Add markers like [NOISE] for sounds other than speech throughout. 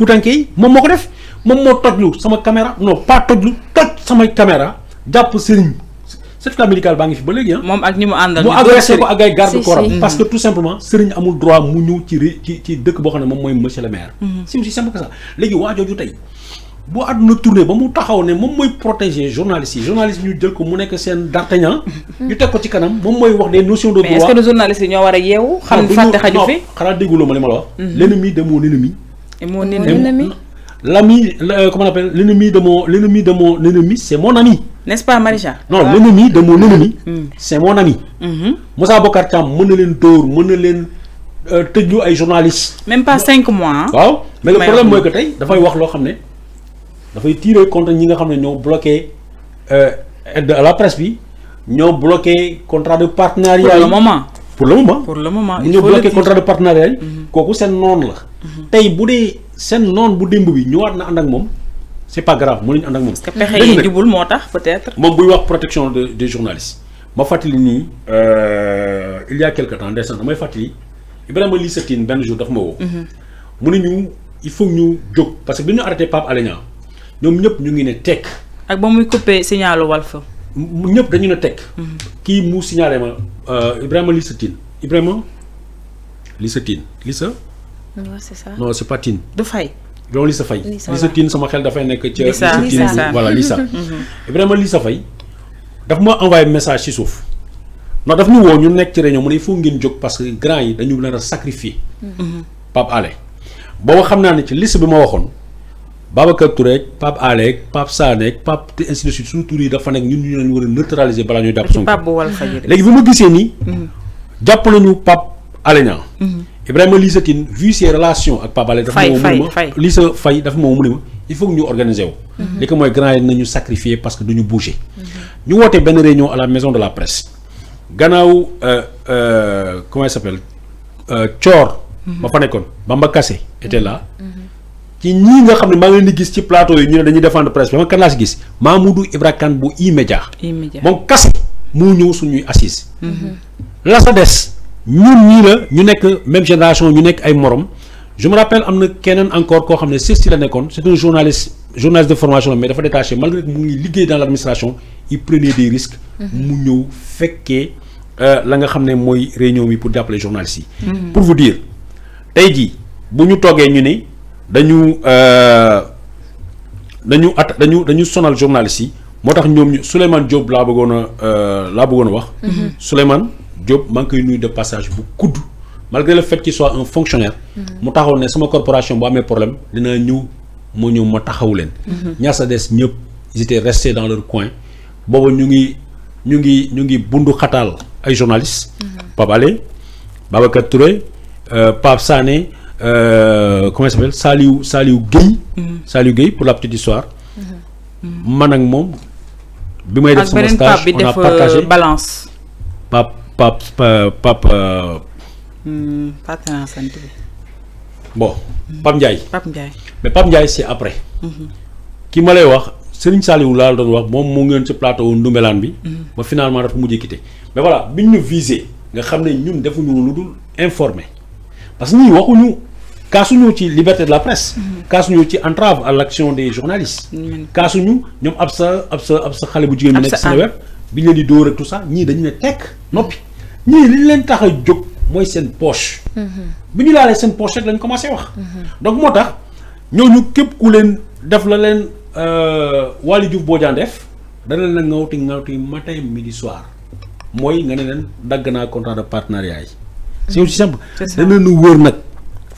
futanke yi moom moo def mom mo tojlu sama caméra non pas tojlu toj sama caméra jàpp sëriñ certificat médical bangi fi ba léegi ah. moom ak ñi andal àndal mu agressé ko ak ay garde corps parce que mm. tout simplement serigne amul droit mu ñu ci ci ci dëkk boo xam ne moom mooy monsieur le maire. Mm. c'est aussi simple que ça léegi waa jooju tey boo àdduna tourné ba mu taxaw ne mom moy protéger journaliste journaliste ñu jël ko mu nekk sen d'artagnan. Mm. ñu tek ko ci kanam mom moy wax des notions de droit mais est-ce que journaliste yi ñoo war a xam fàtte xaju fi xanaa dégguloo ma wax. Mm-hmm. l'ennemi de mon ennemi. Et mon ennemi L'ami, euh, comment on appelle L'ennemi de mon, l'ennemi de mon ennemi, c'est mon ami. N'est-ce pas, Marisha Non, l'ennemi de mon ennemi, hmm. c'est mon ami. Mhm. Moussa Bokar Thiam, mon ennemi d'or, mon ennemi euh, tëju ay journalistes. même pas cinq mois hein? waaw mais le problème c'est que tey dafay wax loo xam ne dafay tirer contre ñi nga xam ne bloqué euh, la presse bi ont bloqué contrat de partenariat moment. pour le moment pour le moment ont bloqué contrat de partenariat Quoi que c'est non la tey bu dee seen noon bu démb bi ñëwaat na ànd ak moom c' est pas grave mënuñu ànd ak moom. moo tax peut être. moom buy wax protection de des journalistes euh, a quelque temps ndeysaan damay fàttali Ibrahima Lissa Tine benn jour mhm. mu ne ñu il faut ñu jóg parce que bi ñu arrêté Pape Alé ñoom ñëpp ñu ngi ne tekk. ak ba muy coupé signalu Walf. ñëpp dañu ne tekk. Mhm. kii mu signalé ma euh, Ibrahima Lissa Tine Ibrahima Lissa Tine Lissa. c'est ça non c'est pas Tine. De fay. sa Lisa Faye. Lisa Tine sama xel Lisa voilà Lisa. [LAUGHS] vraiment Lisa Faye daf ma envoyé message ci Souf. non daf ñu réunion il faut parce que grand yi dañu une sacrifier. Mhm. Pape Alec. de ci liste ma Babacar Touré Pape Pape Sané Pape ainsi de suite yi ñun ñu neutraliser nous nous Ibrahima Lissa vu ses relations avec Pape Alé dafa moo mu il faut que nous organisions. les mhm. li ko mooy grand yi nañu sacrifier parce que nous bouger ñu woote une réunion à la maison de la presse euh, euh, comment il s'appelle euh, Thior mhm. ma fa nekkoon Bamba Kassé était là mhm. ci nous, nga xam ne maa ngi leen di gis ci plateau yi ñu ne dañuy défendre presse mais ma kan laa si gis Mamoudou Ibrahima, Kane bu E-Media moom Kassé moo ñëw suñuy assise la ñun ñii la ñu nek même génération ñu nek ay morom je me rappelle amna kenen encore ko xamné c'est CESTI la nekkoon c'est un journaliste journaliste de formation mais dafa détaché malgré que mu ngi liggéey dans l'administration il prenait des risques. Mm-hmm. mu ñëw fekkee euh, la nga xamné moy mooy réunion pour d'appeler journalistes mm-hmm. pour vous dire tay di bu ñu toogee ñu ne dañu euh, dañu at dañu dañu sonal journalistes motax ñom tax ñoom ñu Souleymane Diop laa bëggoon a euh, laa bëggoon wax. Mm-hmm. Diop manque une de passage beaucoup malgré le fait qu'il soit un fonctionnaire. Mhm. mu corporation bu amé problème dina ñu ma taxaw mhm. des ils étaient restés dans leur coin bobo ñu ngi ñu ngi ñu ngi bundu ay journalistes. Mhm. Babacar Touré euh, euh, comment s'appelle Saliou pour la petite histoire. man ak on a euh, balance. Pape Pape. Pape naa sant bi. bon Pape Ndiaye. Hmm, Pape Ndiaye mais Pape Ndiaye c'est après. Hmm, hmm. ki ma lay wax Serigne Saliou la doon wax mom mo ngeen ci plateau Ndoumbelane bi. ba finalement dafa mujj quitter mais voilà biñu ñu visé nga xamné ñun defu ñu dul informé parce que ñu waxuñu ñu ci liberté de la presse. ñu ci entrave à l'action des journalistes. kaasuñu ñu ñom absa absa absa ab bu jigéen bi nek ab web biñu di dóor ak tout ça ñi dañu ne tekk noppi. ñii li leen tax a jóg mooy seen poche. Mhm. bi ñu laalee seen poche rek lañ commencé wax. Mhm. donc moo tax ñooñu képp ku leen def la leen euh, Waly boo Bodian def dana leen ngawti ngawti matin midi soir mooy nga ne leen dagg naa contrat de partenariat yi. Mhm. c'est aussi simple dana nu wër nag.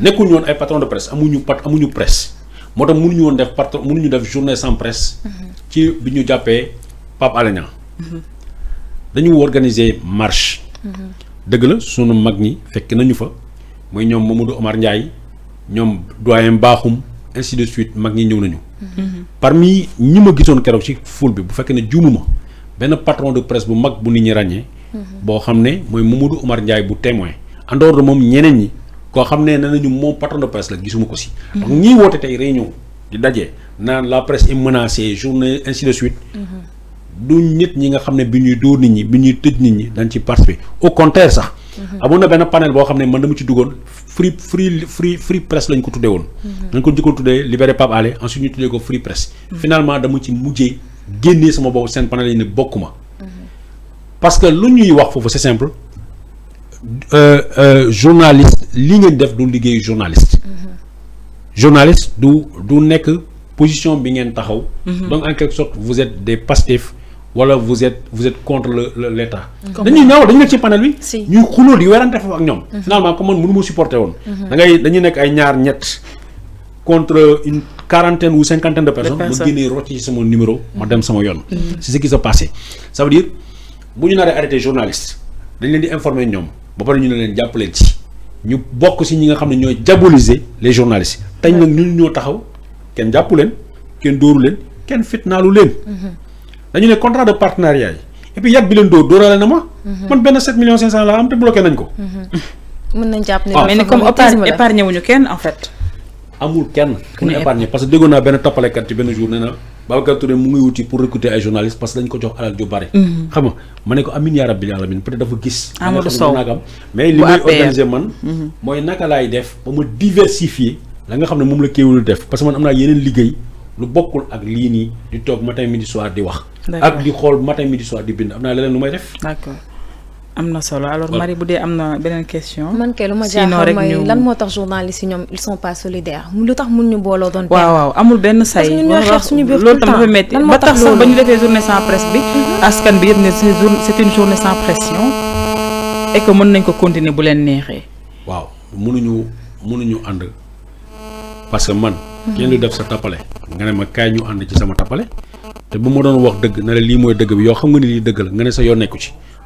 nekkuñu woon ay patron de presse amuñu pat amuñu presse moo tax mënuñu woon def patron mënuñu def journée sans presse. ci bi ñu jàppee Pape Alé Niang. dañu organiser marche. dëgg la sunu mag ñi fekk nañu fa mooy ñoom Mamadou Omar Ndiaye ñoom doyen Bakhoum ainsi de suite mag ñi ñëw nañu. parmi ñi ma gisoon keroog ci foule bi bu fekkee ne juumuma benn patron de presse bu mag bu nit ñi ràññee. boo xam ne mooy mu Mamadou Omar njaay bu témoin en de moom ñeneen ñi. koo xam ne nañu moom patron de presse la gisuma ko si. donc tay woote réunion di dajé nan la presse est menacée journée ainsi de suite. Mhm. du nit ñi nga xamné ne bi ñuy dóor nit ñi bi ñuy nit ñi dañ ci participer au contraire sax. Mhm. amoon ben panel bo xamné man dama ci duggoon free free free free presse lañ ko tuddee won mhm. dañ ko jikko tuddee libéré Pape Alé ensuite ñu tuddee ko free presse. finalement dama ci mujjé génnee sama bobu sen panel yi ne bokuma parce que lu ñuy wax fofu c'est simple. Euh, euh, journaliste li ngeen def du liggéeyu journaliste. Mhm. journaliste du du nek position bi ngeen taxaw. Mhm. donc en quelque sorte vous êtes des pastifs wala vous êtes vous êtes contre le l' mhm. dañuy ñëw dañu ci panel bi. ñuy xulul di werante fa ak ñom finalement comment mënu supporter won da ngay dañuy nek ay ñaar ñet contre une quarantaine ou cinquantaine de personnes. ma génnee rocci ci sama numéro ma dem sama yoon. ce qui s'est passé ça veut dire vous n'avez arrêter arrêté journaliste dañ leen di informer ñom ba pare ñu ne leen jàpp leen ci ñu bokk si ñi nga xam ne ñooy diaboliser les journalistes tañ nag ñun ñoo taxaw kenn jàppu leen kenn dóoru leen kenn fitnaalu leen. Mm-hmm. dañu ne contrat de partenariat yi et puis yàgg bi leen dóor dóorale na ma. Mm-hmm. man benn 7 millions 500 laa am te bloqué nañ ko. Mm-hmm. mën nañ jàpp ne ah, mais comme épargne wuñu kenn en fait. amul kenn parce que déggoon naa benn tappalekat ci benn jour nee na. Babacar Touré mu ngi wuti pour recruter ay journalistes parce que dañ ko jox alal ju bare. Mhm. xam nga ma ne ko amin yaa rabbil alamin peut être dafa gis. Mhm. naka laay def ba ma diversifier. la nga xam ne moom la kéwul def parce que man am naa yeneen liggéey lu bokkul ak lii nii di toog matin midi soir di wax. ak di xool matin midi soir di bind am naa leneen lu may def. amna solo alors mari bu amna benen question. man kay lu ma jaaxal lan moo tax journalistes ñom ils sont pas solidaires lu tax mun ñu booloo doon. waaw waaw amul benn say. parce que ñun loolu tam dafa métti ba tax sax ba ñu defee journée sans presse bi. askan bi yëpp né c'est une journée sans pression et que mën nañ ko continuer bu leen neexee. waaw mënuñu mënuñu and parce que man. kenn du def sa tapalé nga ne ma kaay ñu and ci sama tapalé té bu ma doon wax dëgg na la lii mooy dëgg bi yo xam nga ni lii dëgg la nga ne sa yoo ci.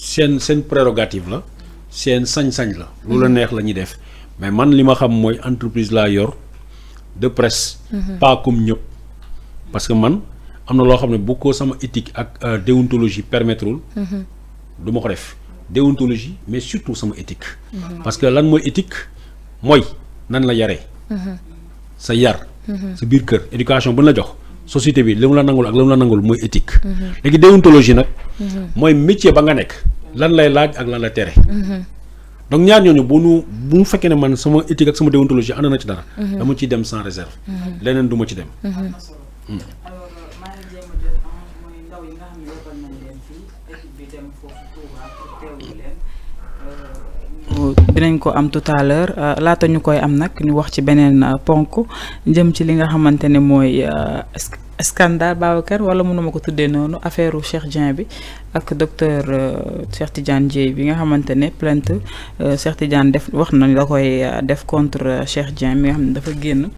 seen seen prérogative la seen sañ-sañ la lu la neex la ñuy def mais man li ma xam mooy entreprise laa yor de presse mhm. pas comme ñëpp parce que man am na loo xam ne bu ko sama éthique ak euh, déontologie permettrul mhm. du ma ko def déontologie mais surtout sama éthique mhm. parce que lan mooy éthique mooy nan la yaree sa yar sa biir kër éducation bu la jox société bi lim la nangul ak lim la nangul moy éthique. Mhm. légui déontologie nak mhm. moy métier ba nga nek lan lay laaj ak lan la téré mhm. donc ñaar ñoñu bu nu bu man sama éthique ak sama déontologie ana na ci dara. dama ci dem sans réserve. lénen duma ci dem. Hmm. Euh, dinañ ko am tout à l'heure euh, laata ñu koy am nak ñu wax ci benen euh, ponku jëm ci li nga xamantene moy scandale Babacar wala mënuma ko tuddee noonu affaire u Cheikh Dieng bi ak docteur euh, Cheikh Tidiane Dièye bi nga xamante ne plainte euh, Cheikh Tidiane def wax na la koy euh, def contre Cheikh Dieng bi nga xam ne dafa génn.